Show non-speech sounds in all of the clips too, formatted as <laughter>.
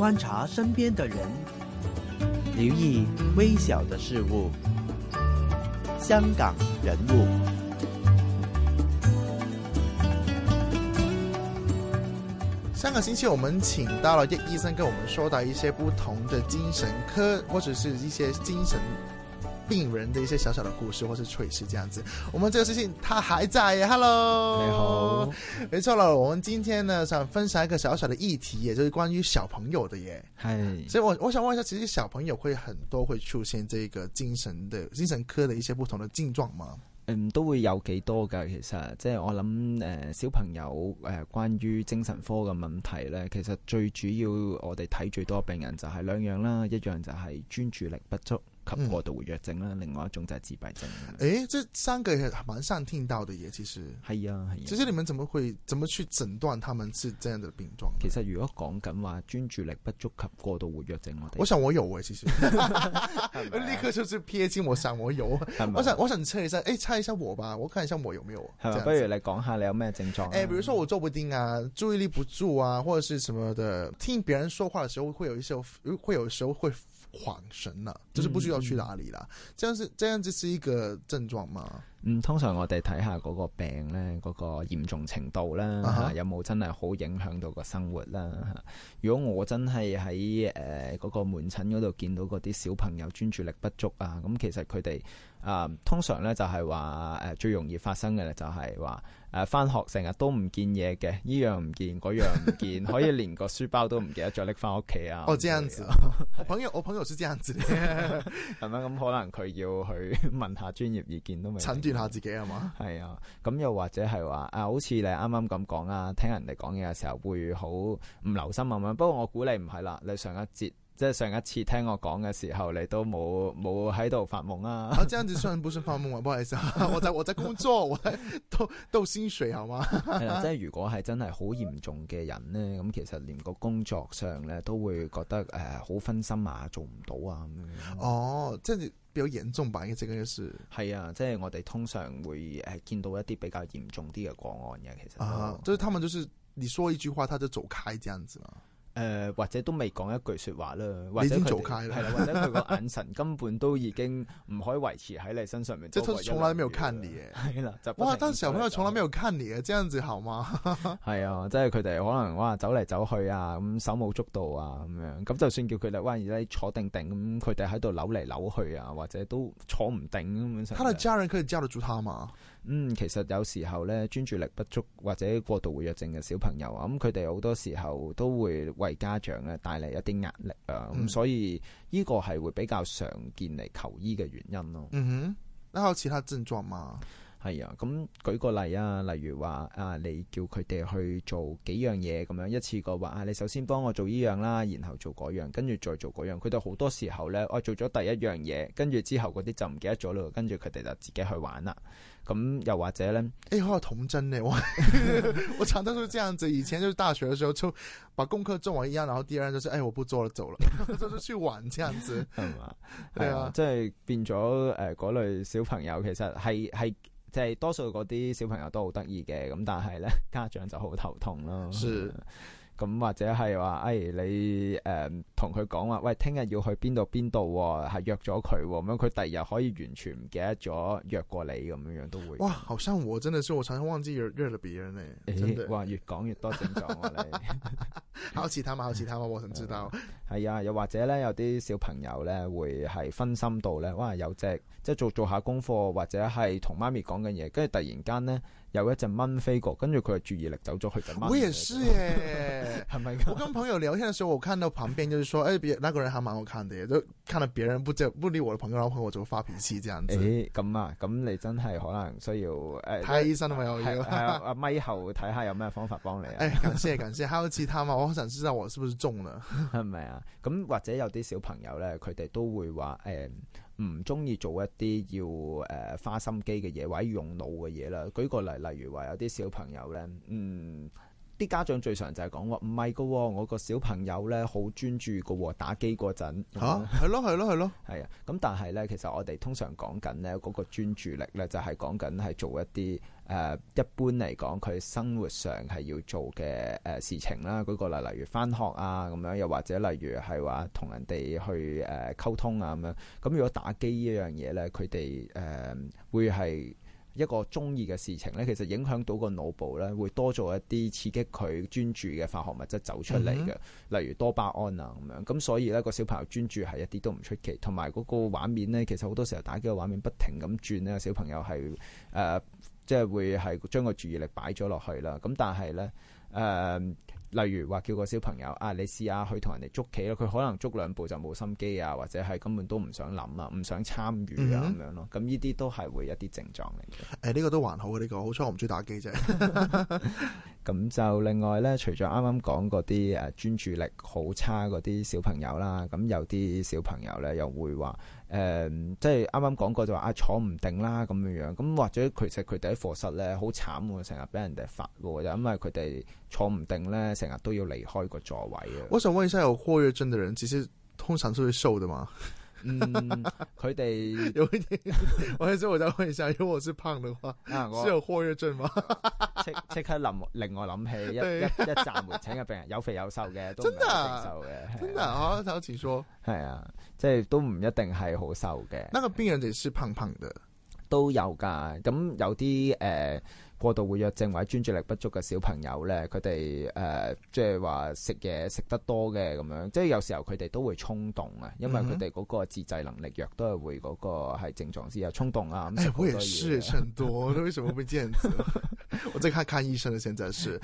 觀察身邊的人，留意微小的事物。香港人物。上個星期我們請到了葉醫生，跟我們說到一些不同的精神科或者是一些精神。病人的一些小小的故事，或是趣事，這樣子。我們這個事情，他還在。Hello，你好，沒錯了。我們今天呢，想分享一個小小的議題，耶，就是關於小朋友的耶。係 Hey，所以我我想問一下，其實小朋友會很多會出現這個精神的精神科的一些不同的症狀嗎？嗯，都會有幾多㗎。其實，即、就、係、是、我諗誒、呃，小朋友誒、呃，關於精神科嘅問題咧，其實最主要我哋睇最多病人就係兩樣啦，一樣就係專注力不足。及過度活躍症啦，嗯、另外一種就係自閉症。誒、欸，這三個蠻常聽到嘅嘢，其實係啊，係、啊。其實你們怎麼會，怎麼去診斷他們是這樣的病狀？其實如果講緊話，專注力不足及過度活躍症，我哋我想我有啊，其實呢個就是 P A T，我想我有。是是我想，我想測一下，誒、欸，猜一下我吧，我看一下我有沒有。不如你講下你有咩症狀，啊？誒、欸，比如說我坐不定啊，注意力不注啊，或者是什麼的，聽別人說話的時候會有一些，會有時候會。恍神了，就是不需要去哪裏了。嗯、這樣是這樣，這是一個症狀嗎？嗯，通常我哋睇下嗰個病咧，嗰、嗰個嚴重程度啦，啊、有冇真係好影響到個生活啦？如果我真係喺誒嗰個門診嗰度見到嗰啲小朋友專注力不足啊，咁、啊、其實佢哋啊，通常咧就係話誒最容易發生嘅咧就係話誒翻學成日都唔見嘢嘅，呢樣唔見，嗰樣唔見， <laughs> 可以連個書包都唔記得再拎翻屋企啊！哦， <laughs> 我這樣子，啊， <laughs> 我朋友 <laughs> 我朋友是這樣子嘅，咁 <laughs> 咁 <laughs> <laughs> <laughs> <laughs> <laughs> 可能佢要去問下專業意見都未。下自己啊嘛？係啊，咁又或者係話啊，好似你啱啱咁講啊，聽人哋講嘢嘅時候會好唔留心咁樣。不過我估你唔係啦，你上一節。即係上一次聽我講嘅時候，你都冇冇喺度發夢啊？我真係上唔少發夢啊，不，夢啊 <laughs> 不好意思、啊，我在我在工作，我喺都都好正常係嘛。係 <laughs> 啦，即係如果係真係好嚴重嘅人咧，咁其實連個工作上咧都會覺得誒好、呃、分心啊，做唔到啊咁樣。哦，即係比較嚴重吧？呢隻件事係啊，即係我哋通常會誒見到一啲比較嚴重啲嘅個案嘅。其實啊，就是他們就是你說一句話，他就走開，這樣子啊。誒、呃、或者都未講一句説話啦，或者做係啦，或者佢個眼神根本都已經唔可以維持喺你身上面。即係從來都沒有睇你嘅，係啦。就走走哇！當小朋友從來沒有睇你嘅，這樣子好嗎？係 <laughs> 啊，即係佢哋可能哇走嚟走去啊，咁手舞足蹈啊咁樣。咁就算叫佢哋，而家坐定定咁，佢哋喺度扭嚟扭去啊，或者都坐唔定咁樣。他的家人可以揸得住他嘛。嗯，其實有時候咧專注力不足或者過度活躍症嘅小朋友啊，咁佢哋好多時候都會為家長咧帶嚟一啲壓力啊，咁、嗯嗯、所以呢個係會比較常見嚟求醫嘅原因咯。嗯哼，你有其他症狀嘛？係啊，咁、嗯、舉個例啊，例如話啊，你叫佢哋去做幾樣嘢咁樣，一次過話啊，你首先幫我做呢樣啦，然後做嗰樣，跟住再做嗰樣。佢哋好多時候咧，我、啊、做咗第一樣嘢，跟住之後嗰啲就唔記得咗咯，跟住佢哋就自己去玩啦。咁又或者咧，哎，好有童真呢，哎、我、欸、我，我常常都係這樣子。以前就大學嘅時候，就把功課做完一樣，然後第二就是，哎，我不做了，走了，就是去玩，這樣子係嘛，係嗎啊，uh, 即係變咗誒、呃，嗰類小朋友其實係係。即係多數嗰啲小朋友都好得意嘅，咁但係咧家長就好頭痛咯。咁或者係話，哎，你誒同佢講話，喂，聽日要去邊度邊度，係約咗佢，哦，咁樣佢第二日可以完全唔記得咗約過你咁樣樣都會樣。哇，好像我真的是我常常忘記約約了別人咧，真的。哎、哇，越講越多症狀，啊。 <laughs> 你，考 <laughs> 其他，考其他，我想知道。係啊、 <laughs> 嗯，又或者咧，有啲小朋友咧會係分心到咧，哇，有隻即係做做下功課，或者係同媽咪講緊嘢，跟住突然間咧。有一隻蚊飛過，跟住佢嘅注意力走咗去就。我也是耶 <laughs> 是是，係咪？我跟朋友聊天嘅時候，我看到旁邊就是說，誒、哎，別那個人還蠻好看的，就看到別人不接不理我嘅朋友，我，友我就會發脾氣，這樣子。誒、欸，咁啊，咁你真係可能需要誒睇、欸、醫生啊嘛，要係阿阿咪後睇下有咩方法幫你啊。感謝、 <laughs> 欸、感謝，考一次探啊，我想知道我是不是中啦，係 <laughs> 咪啊？咁或者有啲小朋友咧，佢哋都會話誒。欸唔中意做一啲要誒花心機嘅嘢或者用腦嘅嘢啦。舉個例，例如話有啲小朋友呢，嗯，啲家長最常就係講話唔係噶，我個小朋友呢好專注噶，打機嗰陣嚇，係咯係咯係咯，係啊。咁 <laughs> 但係呢，其實我哋通常講緊呢嗰個專注力呢，就係講緊係做一啲。誒、uh, 一般嚟講，佢生活上係要做嘅誒、呃、事情啦，舉個例，例如返學啊咁樣，又或者例如係話同人哋去誒、呃、溝通啊咁樣。咁如果打機一樣嘢呢，佢哋誒會係一個中意嘅事情呢，其實影響到個腦部呢，會多做一啲刺激佢專注嘅化學物質走出嚟嘅，uh huh. 例如多巴胺啊咁樣。咁所以呢、個小朋友專注係一啲都唔出奇。同埋嗰個畫面呢，其實好多時候打機嘅畫面不停咁轉呢，小朋友係誒。呃呃呃即係會係將個注意力擺咗落去啦，咁但係咧，誒、呃，例如話叫個小朋友啊，你試下去同人哋捉棋咯，佢可能捉兩步就冇心機啊，或者係根本都唔想諗啊，唔想參與、嗯、啊咁樣咯，咁呢啲都係會一啲症狀嚟嘅。誒、欸，呢、呢個都還好嘅呢、呢個，好彩我唔中意打機啫。 <laughs> <laughs> 咁就另外咧，除咗啱啱講嗰啲誒專注力好差嗰啲小朋友啦，咁有啲小朋友咧又會話誒、呃，即係啱啱講過就話啊坐唔定啦咁樣樣，咁或者其實佢哋喺課室咧好慘喎，成日俾人哋罰喎，就因為佢哋坐唔定咧，成日都要離開個座位啊！我想問一下，有活躍症嘅人，其實通常都會瘦㗎嘛。 <laughs> 嗯，佢哋有啲，我之後我再問一下，如果我是胖嘅話，啊，我有活躍症嗎？即 <laughs> 即刻諗，另外諗起一對 <laughs> 一一,一站門請嘅病人，有肥有瘦嘅，都真係肥瘦嘅，真係啊，坐住坐，係啊，即係、啊啊就是、都唔一定係好瘦嘅。那個病人哋是胖胖的，都有噶，咁有啲誒。呃過度活躍症或者專注力不足嘅小朋友咧，佢哋誒即係話食嘢食得多嘅咁樣，即係有時候佢哋都會衝動啊，因為佢哋嗰個自制能力弱，都係會嗰個係症狀之一，衝動啊咁。誒、哎，我也是，很多， <laughs> 為什麼會這樣子？ <laughs> <laughs> 我正喺看，看醫生啦，現在是。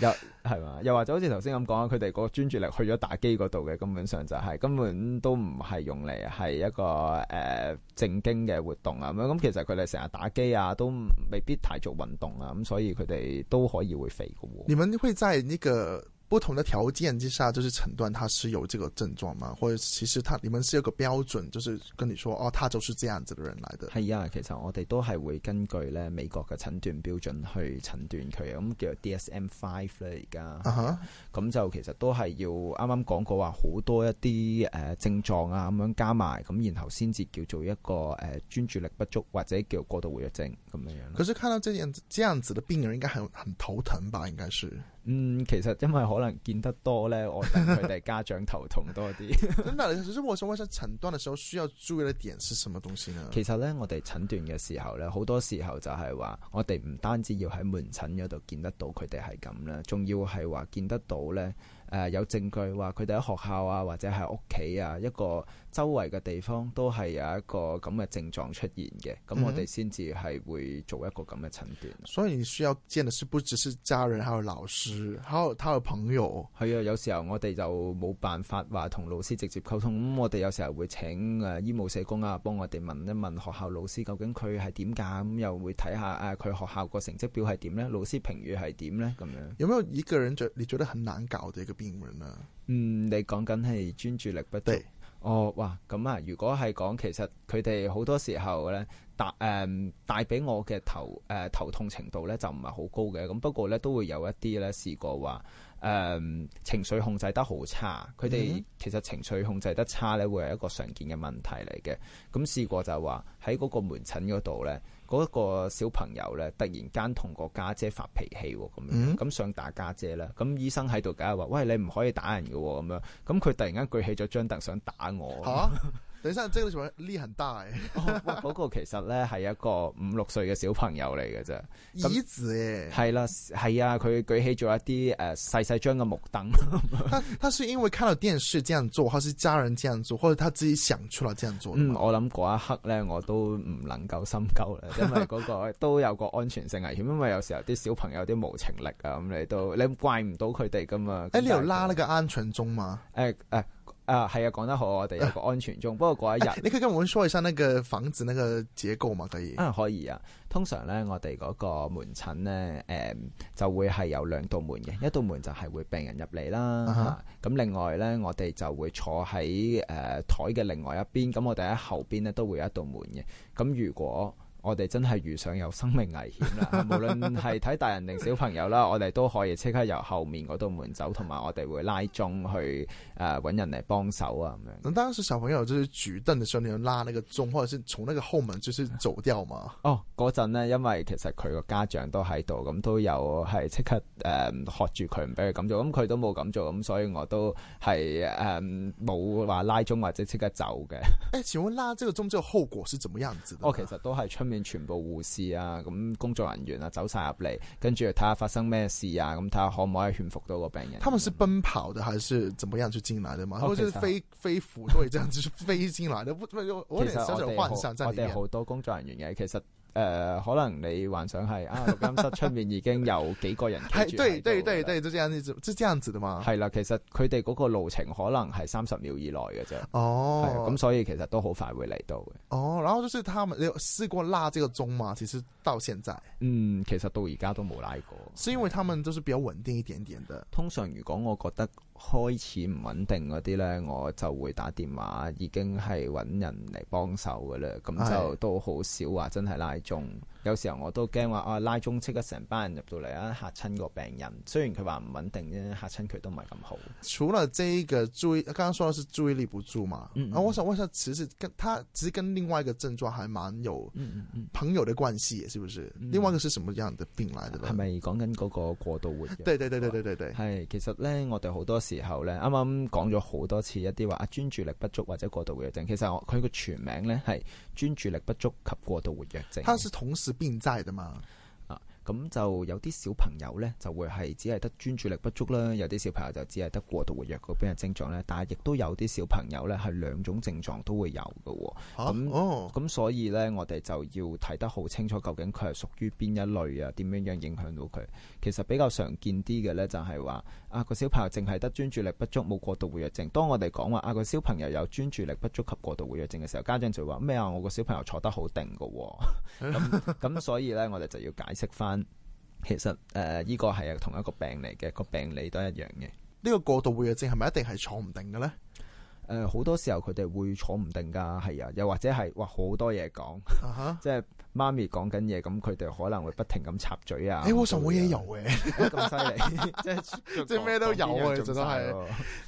係嘛？又或者好似頭先咁講佢哋個專注力去咗打機嗰度嘅，根本上就係、是、根本都唔係用嚟係一個誒、呃、正經嘅活動啊咁樣。咁、嗯、其實佢哋成日打機啊，都未必太做運動啊，咁、嗯、所以佢哋都可以會肥㗎喎、哦。你們會在呢個不同的條件之下，就是診斷，他是有這個症狀嘛？或者其實他，你們是有一個標準，就是跟你說，哦，他就是這樣子的人來的。係啊，其實我哋都係會根據咧美國嘅診斷標準去診斷佢，咁叫 D S M five 咧而家。啊哈。咁就其實都係要啱啱講過話，好多一啲誒症狀啊咁樣加埋，咁然後先至叫做一個誒專注力不足或者叫過度活躍症咁樣樣。可是看到這樣子、這樣子的病人應，應該很很頭疼吧？應該是。嗯，其實因為可能見得多咧，我覺得佢哋家長頭痛多啲。咁但係 <laughs> 其實我想問下，診斷的時候需要注意的點是什麼東西咧？其實咧，我哋診斷嘅時候咧，好多時候就係話，我哋唔單止要喺門診嗰度見得到佢哋係咁啦，仲要係話見得到咧，誒、呃，有證據話佢哋喺學校啊，或者喺屋企啊，一個。周圍嘅地方都係有一個咁嘅症狀出現嘅，咁、嗯、我哋先至係會做一個咁嘅診斷。所以需要見嘅是不只是家人，還有老師，還有他的朋友。係啊，有時候我哋就冇辦法話同老師直接溝通，咁、嗯、我哋有時候會請誒醫務社工啊，幫我哋問一問學校老師究竟佢係點解，咁、嗯、又會睇下誒佢、啊、學校個成績表係點呢？老師評語係點呢？咁樣。有冇一個人最你覺得很難搞嘅一個病人啊？嗯，你講緊係專注力不足。對哦，哇！咁啊，如果係講其實佢哋好多時候呢，帶誒帶俾我嘅頭誒、呃、頭痛程度呢，就唔係好高嘅，咁不過呢，都會有一啲呢試過話。誒、um，情緒控制得好差，佢哋其實情緒控制得差咧，會係一個常見嘅問題嚟嘅。咁試過就話喺嗰個門診嗰度咧，嗰、那、一個小朋友咧，突然間同個家姐發脾氣，咁、嗯、樣咁想打家姐啦。咁醫生喺度梗係話：喂，你唔可以打人嘅，咁樣。咁佢突然間舉起咗張凳想打我。啊 <laughs> 等陣，即係你話呢，力很大，嗰、 <laughs> 哦那個其實咧係一個五六歲嘅小朋友嚟嘅啫。椅子係啦，係啊，佢舉起咗一啲誒細細張嘅木凳。他 <laughs> 他是因為看到電視這樣做，或者家人這樣做，或者他自己想出來這樣做、嗯？我諗嗰一刻咧，我都唔能夠深究啦，因為嗰個都有個安全性危險， <laughs> 因為有時候啲小朋友啲無情力啊，咁、嗯、你都你怪唔到佢哋噶嘛？誒、欸，你又拉那個安全鐘嘛？誒誒、欸。欸欸啊，係啊，講得好，我哋有個安全鐘。啊、不過嗰一日、啊，你可以跟我們說一下那個房子那個結構嘛？可以，嗯、啊，可以啊。通常呢，我哋嗰個門診呢，誒、嗯，就會係有兩道門嘅，一道門就係會病人入嚟啦。咁、啊哈啊、另外呢，我哋就會坐喺誒台嘅另外一邊。咁、嗯、我哋喺後邊咧都會有一道門嘅。咁、嗯、如果我哋真係遇上有生命危險啦！ <laughs> 無論係睇大人定小朋友啦， <laughs> 我哋都可以即刻由後面嗰道門走，同埋我哋會拉鐘去誒搵、呃、人嚟幫手啊！咁樣。當時小朋友就是主凳嘅時候你要拉那個鐘，或者是從那個後門就是走掉嘛。哦，嗰陣呢，因為其實佢個家長都喺度，咁都有係即刻誒喝住佢唔俾佢咁做，咁佢都冇咁做，咁所以我都係誒冇話拉鐘或者即刻走嘅。誒、欸，請問拉這個鐘之後後果是怎麼樣子？ <laughs> 我其實都係出面。全部護士啊，咁工作人員啊，走晒入嚟，跟住睇下發生咩事啊，咁睇下可唔可以勸服到個病人。佢們是奔跑的還是怎麼樣就進來的嘛？哦、或者飛飛虎隊這樣子飛進來的。 <laughs> 我有點小，小，小幻想在裏面。我哋好多工作人員嘅，其實。誒、呃，可能你幻想係啊錄音室出面已經有幾個人企住 <laughs> 對對對對，就這樣子，就這樣子的嘛。係啦，其實佢哋嗰個路程可能係三十秒以內嘅啫。哦，咁所以其實都好快會嚟到嘅。哦，然後就是他們有試過拉這個鐘嘛，其實到現在，嗯，其實到而家都冇拉過，是因為他們都是比較穩定一點點的。的通常如果我覺得，開始唔穩定嗰啲呢，我就會打電話，已經係揾人嚟幫手嘅啦。咁的就都好少話真係拉中。有時候我都驚話啊，拉中即刻成班人入到嚟啊，嚇親個病人。雖然佢話唔穩定啫，嚇親佢都唔係咁好。除了呢個注意，剛剛講到是注意力不足嘛，嗯嗯、啊，我想我想，其實跟，他其實跟另外一個症狀，還蠻有朋友嘅關係，是不是？嗯嗯，另外一個係什麼樣嘅病嚟嘅？係咪講緊嗰個過度活躍？對對對對對對，對，對其實咧，我哋好多時候咧，啱啱講咗好多次一啲話啊，專注力不足或者過度活躍症。其實佢個全名咧係專注力不足及過度活躍症。他是同時。並在的嘛。咁就有啲小朋友呢，就會係只係得專注力不足啦；有啲小朋友就只係得過度活躍嗰邊嘅症狀呢。但係亦都有啲小朋友呢，係兩種症狀都會有嘅。嚇、啊！哦！咁所以呢，我哋就要睇得好清楚，究竟佢係屬於邊一類啊？點樣樣影響到佢？其實比較常見啲嘅呢，就係話啊個小朋友淨係得專注力不足，冇過度活躍症。當我哋講話啊個小朋友有專注力不足及過度活躍症嘅時候，家長就話咩啊？我個小朋友坐得好定嘅、啊。咁 <laughs> 咁，所以呢，我哋就要解釋翻。其實誒，呢個係同一個病嚟嘅，個病理都一樣嘅。呢個過度活躍症係咪一定係坐唔定嘅咧？誒、呃，好多時候佢哋會坐唔定噶，係啊，又或者係話好多嘢講，即係、uh。Huh. <laughs> 即係媽咪講緊嘢，咁佢哋可能會不停咁插嘴啊！你、欸、我上冇嘢有嘅，咁犀利，即係即係咩都有嘅，真係。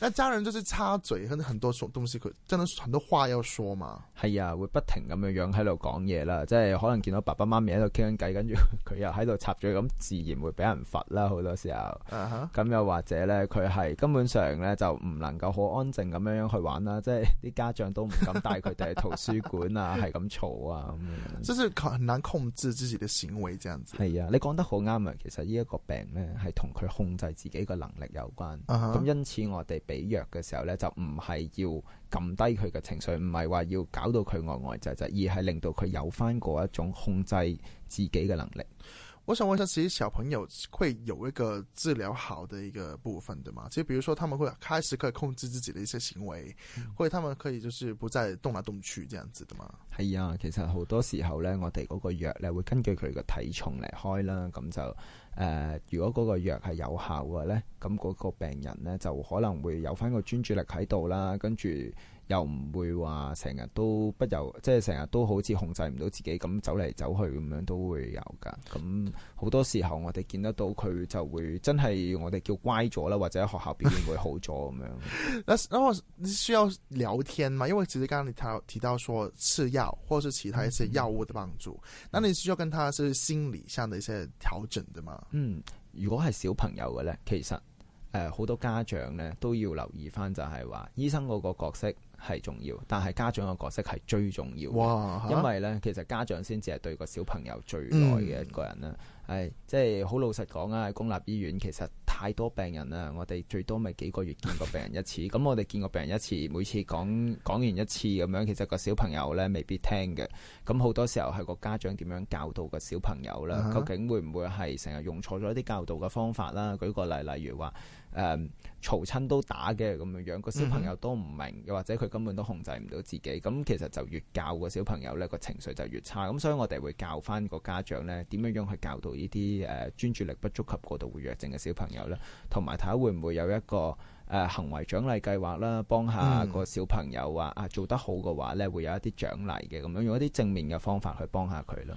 一家人就係插嘴，可能 <laughs> 很多熟東西，佢真係很多話要說嘛。係啊，會不停咁樣樣喺度講嘢啦，即係可能見到爸爸媽咪喺度傾緊偈，跟住佢又喺度插嘴，咁自然會俾人罰啦。好多時候，咁、uh huh. 又或者咧，佢係根本上咧就唔能夠好安靜咁樣樣去玩啦。即係啲家長都唔敢帶佢哋去圖書館啊，係咁嘈啊咁即係難控制自己的行為，這樣子係啊，你講得好啱啊。其實呢一個病呢，係同佢控制自己嘅能力有關。咁、uh huh. 因此，我哋俾藥嘅時候呢，就唔係要撳低佢嘅情緒，唔係話要搞到佢呆呆滯滯，而係令到佢有翻過一種控制自己嘅能力。我想問下，其實小朋友會有一個治療好的一個部分，對嗎？即係比如說他們會開始可以控制自己的一些行為，嗯、或者他們可以就是不再動來動去這樣子的嘛？係啊，其實好多時候咧，我哋嗰個藥咧會根據佢嘅體重嚟開啦。咁就誒、呃，如果嗰個藥係有效嘅咧，咁嗰個病人咧就可能會有翻個專注力喺度啦，跟住。又唔會話成日都不由，即係成日都好似控制唔到自己咁走嚟走去咁樣都會有㗎。咁好多時候我哋見得到佢就會真係我哋叫乖咗啦，或者喺學校表現會好咗咁 <laughs> 樣。那需要聊天嘛，因為之前講你提提到說吃藥或者其他一些藥物的幫助，那你需要跟他是心理上的一些調整的嘛？嗯，如果係小朋友嘅呢，其實誒好多家長呢都要留意返，就係話醫生嗰個角色。係重要，但係家長嘅角色係最重要嘅，哇因為呢，其實家長先至係對個小朋友最愛嘅一個人啦。係、嗯、即係好老實講啊，喺公立醫院其實太多病人啦，我哋最多咪幾個月見過病人一次。咁 <laughs> 我哋見過病人一次，每次講講完一次咁樣，其實個小朋友呢未必聽嘅。咁好多時候係個家長點樣教導個小朋友啦？嗯、究竟會唔會係成日用錯咗一啲教導嘅方法啦？舉個例，例如話。誒，嘈親、嗯、都打嘅咁樣樣，個小朋友都唔明，又或者佢根本都控制唔到自己，咁其實就越教個小朋友呢個情緒就越差，咁所以我哋會教翻個家長呢點樣樣去教導呢啲，誒，專注力不足及過度活躍症嘅小朋友呢？同埋睇下會唔會有一個誒、呃、行為獎勵計劃啦，幫下個小朋友啊，啊做得好嘅話呢，會有一啲獎勵嘅，咁樣用一啲正面嘅方法去幫下佢啦。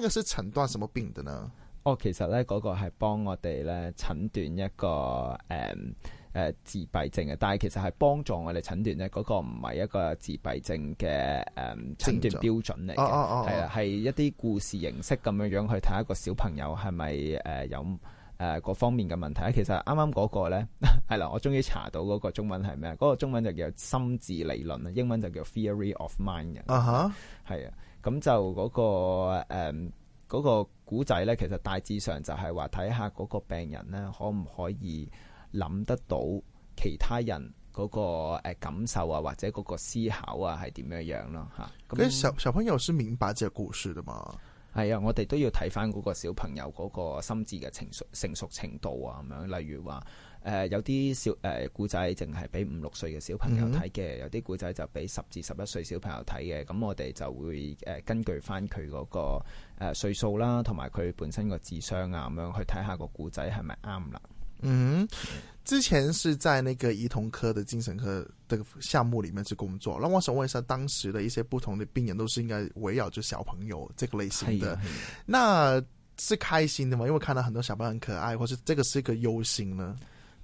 呢個是診斷什麼病的呢？哦，其實呢嗰、那個係幫我哋咧診斷一個誒誒、嗯呃、自閉症嘅，但係其實係幫助我哋診斷呢嗰個唔係一個自閉症嘅誒診斷標準嚟嘅，係、哦哦哦、啊，係一啲故事形式咁樣樣去睇一個小朋友係咪誒有誒各、呃、方面嘅問題、啊。其實啱啱嗰個呢，係 <laughs> 啦、啊，我終於查到嗰個中文係咩？嗰、那個中文就叫心智理論啊，英文就叫 Theory of Mind 啊，哈啊。係啊。咁就嗰個誒嗰個古仔咧，其實大致上就係話睇下嗰個病人咧，可唔可以諗得到其他人嗰個誒感受啊，或者嗰個思考啊，係點樣樣咯嚇。咁小小朋友先明白隻故事啊嘛。係啊，我哋都要睇翻嗰個小朋友嗰個心智嘅成熟成熟程度啊，咁樣例如話。誒、呃、有啲小誒、呃、故仔，淨係俾五六歲嘅小朋友睇嘅；嗯、有啲故仔就俾十至十一歲小朋友睇嘅。咁我哋就會誒、呃、根據翻佢嗰個誒、呃、歲數啦，同埋佢本身個智商啊咁樣去睇下個故仔係咪啱啦。嗯，之前是在那個兒童科的精神科的項目裡面去工作。那我想問一下，當時的一些不同的病人都是應該圍繞著小朋友這個類型的，是啊，是啊，那是開心的嗎？因為看到很多小朋友很可愛，或是這個是一個憂心呢？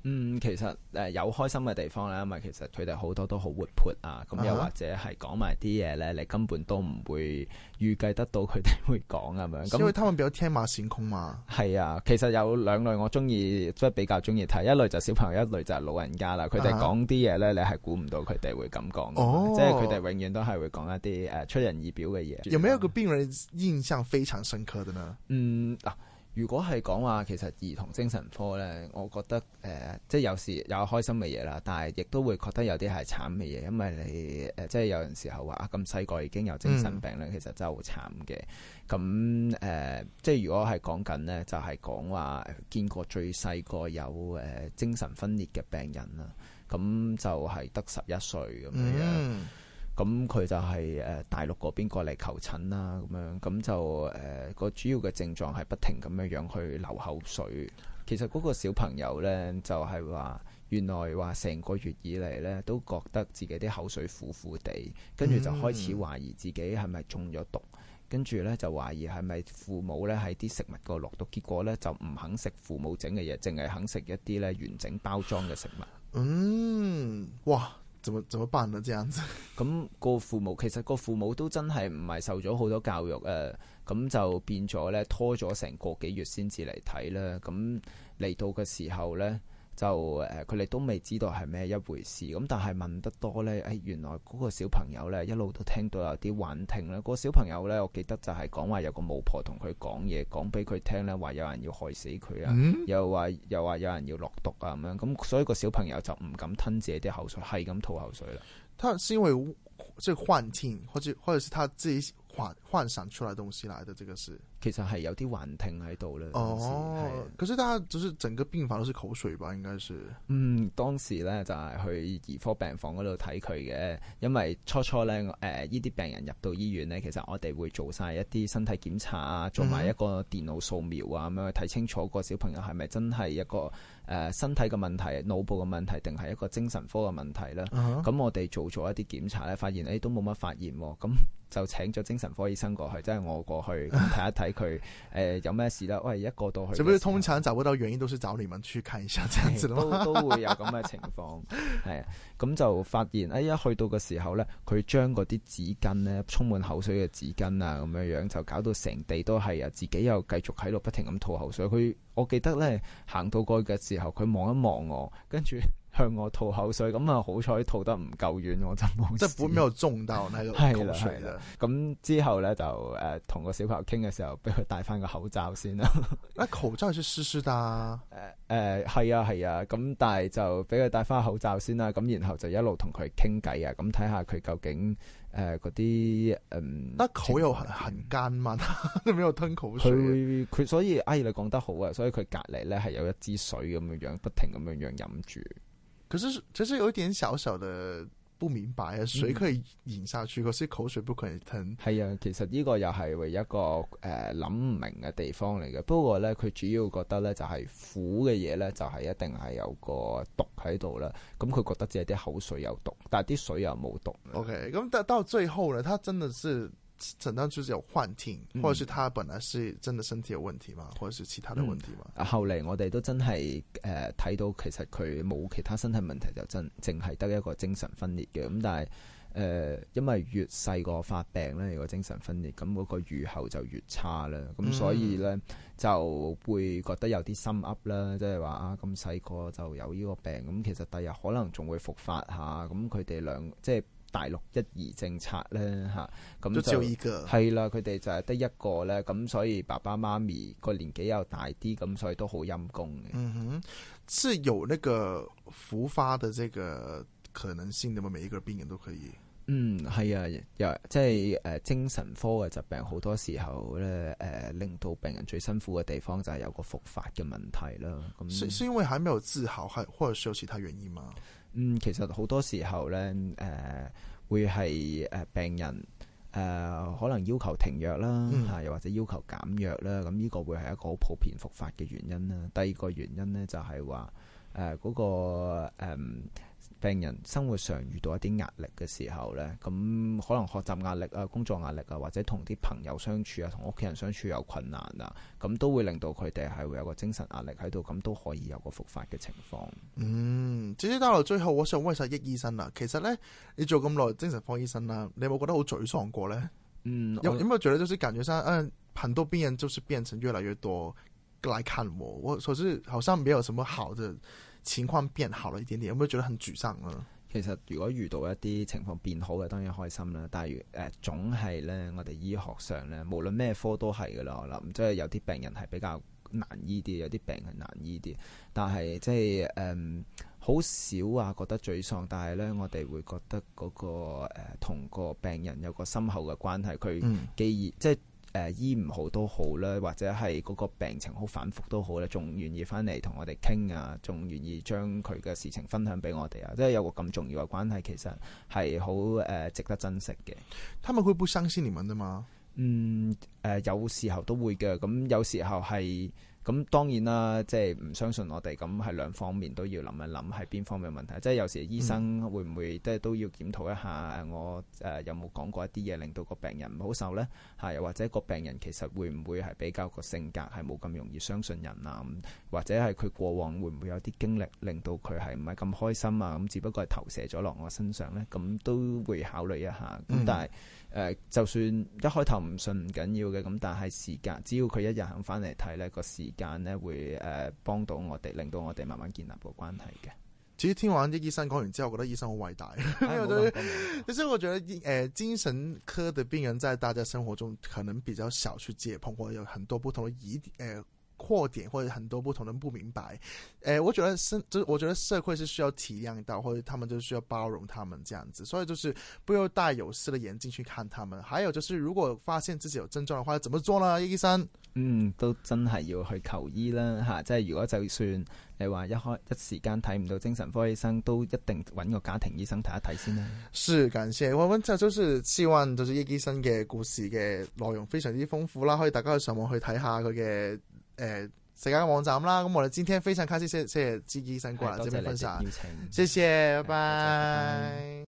嗯，其實誒、呃、有開心嘅地方啦，因為其實佢哋好多都好活潑啊，咁又或者係講埋啲嘢咧，你根本都唔會預計得到佢哋會講咁樣。啊、因為他們比較天馬行空嘛。係啊，其實有兩類我中意，即係比較中意睇，一類就小朋友，一類就係老人家啦。佢哋講啲嘢咧，Uh-huh. 你係估唔到佢哋會咁講。Oh, 即係佢哋永遠都係會講一啲誒出人意表嘅嘢。有冇一個病人印象非常深刻嘅呢？嗯啊。如果係講話，其實兒童精神科呢，我覺得誒、呃，即係有時有開心嘅嘢啦，但係亦都會覺得有啲係慘嘅嘢，因為你誒、呃，即係有陣時候話咁細個已經有精神病呢，其實真係好慘嘅。咁誒、呃，即係如果係講緊呢，就係講話見過最細個有誒精神分裂嘅病人啦，咁就係得十一歲咁樣。嗯。咁佢就係誒大陸嗰邊過嚟求診啦，咁樣咁就誒、呃嗰個主要嘅症狀係不停咁樣樣去流口水。其實嗰個小朋友呢，就係話，原來話成個月以嚟呢，都覺得自己啲口水苦苦地，跟住就開始懷疑自己係咪中咗毒，跟住呢，就懷疑係咪父母呢喺啲食物個落毒，結果呢，就唔肯食父母整嘅嘢，淨係肯食一啲呢完整包裝嘅食物。嗯，哇！怎麼怎麼辦啊？這樣子，咁個父母其實個父母都真係唔係受咗好多教育誒、啊，咁就變咗咧，拖咗成個幾月先至嚟睇啦。咁嚟到嘅時候咧。就誒，佢、呃、哋都未知道係咩一回事咁，但係問得多呢，誒、哎、原來嗰個小朋友呢一路都聽到有啲幻聽啦。個小朋友呢，我記得就係講話有個巫婆同佢講嘢，講俾佢聽呢話有人要害死佢啊、嗯，又話又話有人要落毒啊咁樣。咁所以個小朋友就唔敢吞自己啲口水，係咁吐口水啦。佢先會即係幻聽，或者或者係他自己幻幻想出來東西來的，這個是其實係有啲幻聽喺度咧。哦，是可是大家就是整個病房都是口水吧？應該是。嗯，當時咧就係、是、去兒科病房嗰度睇佢嘅，因為初初咧誒呢啲、呃、病人入到醫院咧，其實我哋會做晒一啲身體檢查啊，做埋一個電腦掃描啊咁樣去睇清楚個小朋友係咪真係一個誒、呃、身體嘅問題、腦部嘅問題，定係一個精神科嘅問題咧。咁、嗯、我哋做咗一啲檢查咧，發現誒、欸、都冇乜發現、啊，咁、嗯。就請咗精神科醫生過去，即、就、係、是、我過去睇一睇佢，誒有咩事啦。喂、呃 <laughs> 呃，一個都去。只不過通常找不到原因，都是找你們去看一下這樣子。 <laughs> 都都會有咁嘅情況，係啊， <laughs> 咁就發現哎呀，一去到嘅時候咧，佢將嗰啲紙巾咧，充滿口水嘅紙巾啊，咁樣樣就搞到成地都係啊，自己又繼續喺度不停咁吐口水。佢我記得咧行到過去嘅時候，佢望一望我，跟住。向我吐口水，咁啊好彩吐得唔夠遠，我就冇。即係本嚟有中到，係個口水。係啦係啦，咁之後咧就誒同個小朋友傾嘅時候，俾佢戴翻個口罩先啦。啊口罩係濕濕哋。誒誒係啊係啊，咁但係就俾佢戴翻口罩先啦。咁然後就一路同佢傾偈啊，咁睇下佢究竟誒嗰啲嗯。個口罩又很很乾嘛，邊 <laughs> 有吞口水？佢佢所以阿姨、哎、你講得好啊，所以佢隔離咧係有一支水咁嘅樣，不停咁樣樣飲住。可是其實有一點小小的不明白啊，水可以飲下去，可是口水不可以吞。係、嗯、啊，其實呢個又係唯一個誒諗唔明嘅地方嚟嘅。不過咧，佢主要覺得咧就係、是、苦嘅嘢咧就係、是、一定係有個毒喺度啦。咁、嗯、佢覺得只係啲口水有毒，但係啲水又冇毒。OK，咁但係到最後咧，他真的是。可能就是有幻聽，或者是他本來是真的身體有問題嘛，或者是其他的問題嘛、嗯。後嚟我哋都真係誒睇到，其實佢冇其他身體問題，就真淨係得一個精神分裂嘅。咁但係誒、呃，因為越細個發病咧，如果精神分裂，咁、那、嗰個愈後就越差啦。咁所以咧、嗯、就會覺得有啲心噏啦，即係話啊咁細個就有呢個病，咁其實第日可能仲會復發下。咁佢哋兩即係。大陸一兒政策咧吓，咁、啊、就係啦，佢哋就係得一個咧，咁所以爸爸媽咪個年紀又大啲，咁所以都好陰功嘅。嗯哼，即係有呢個復發嘅，這個可能性的嗎？每一個病人都可以？嗯，係啊，又即係誒、呃、精神科嘅疾病，好多時候咧誒、呃，令到病人最辛苦嘅地方就係有個復發嘅問題啦。是是因為還沒有治好，係或者是有其他原因嘛。嗯，其實好多時候咧，誒、呃、會係誒病人誒、呃、可能要求停藥啦，嚇、嗯、又或者要求減藥啦，咁、這、呢個會係一個好普遍復發嘅原因啦。第二個原因咧就係話誒嗰個、嗯病人生活上遇到一啲壓力嘅時候咧，咁可能學習壓力啊、工作壓力啊，或者同啲朋友相處啊、同屋企人相處有困難啊，咁都會令到佢哋係會有個精神壓力喺度，咁都可以有個復發嘅情況。嗯，姐姐打落最後，我想問實益醫生啦，其實咧，你做咁耐精神科醫生啦，你有冇覺得好沮喪過咧、嗯？嗯，又點解？最開始揀咗生，啊，很多病人，就是病人越嚟越多嚟看我，我所以好像沒有什麼好的。情況變好了一點點，有冇覺得很沮喪啊？其實如果遇到一啲情況變好嘅，當然開心啦。但係誒，總係咧，我哋醫學上咧，無論咩科都係噶啦，我諗即係有啲病人係比較難醫啲，有啲病係難醫啲。但係即係誒、好、就是嗯、少話、啊、覺得沮喪。但係咧，我哋會覺得嗰、那個誒、同、呃、個病人有個深厚嘅關係，佢既然即係。誒、呃、醫唔好都好啦，或者係嗰個病情好反覆都好啦，仲願意返嚟同我哋傾啊，仲願意將佢嘅事情分享俾我哋啊，即、就、係、是、有個咁重要嘅關係，其實係好誒值得珍惜嘅。係咪佢背生死聯盟啊嘛？嗯誒、呃，有時候都會嘅，咁有時候係。咁當然啦，即係唔相信我哋，咁係兩方面都要諗一諗，係邊方面嘅問題。即係有時醫生會唔會都、嗯、都要檢討一下，我誒、呃、有冇講過一啲嘢令到個病人唔好受呢？嚇，又或者個病人其實會唔會係比較個性格係冇咁容易相信人啊？或者係佢過往會唔會有啲經歷令到佢係唔係咁開心啊？咁只不過係投射咗落我身上呢。咁都會考慮一下。咁但係誒、嗯呃，就算一開頭唔信唔緊要嘅，咁但係時間只要佢一日肯翻嚟睇呢個時。間咧會誒、呃、幫到我哋，令到我哋慢慢建立個關係嘅。至於天完聽完啲醫生講完之後，我覺得醫生好偉大。你知唉 <laughs> 我覺得誒、 <laughs> 呃、精神科的病人在大家生活中可能比較少去接碰，或者有很多不同的疑誒。呃擴點或者很多不同人不明白，誒、呃，我覺得是，就我覺得社會是需要體諒到，或者他們就需要包容他們這樣子，所以就是不要戴有色的眼鏡去看他們。還有就是如果發現自己有症狀的話，怎麼做呢？葉醫生。嗯，都真係要去求醫啦，吓、啊，即係如果就算你話一開一時間睇唔到精神科醫生，都一定揾個家庭醫生睇一睇先啦。是，感謝。我們這就是希望就是葉醫生嘅故事嘅內容非常之豐富啦，可以大家去上網去睇下佢嘅。誒社交網站啦，咁、嗯、我哋今天非常開心，謝謝朱醫生過嚟準備分享，多謝你嘅邀請，謝謝，拜拜。謝謝，拜拜。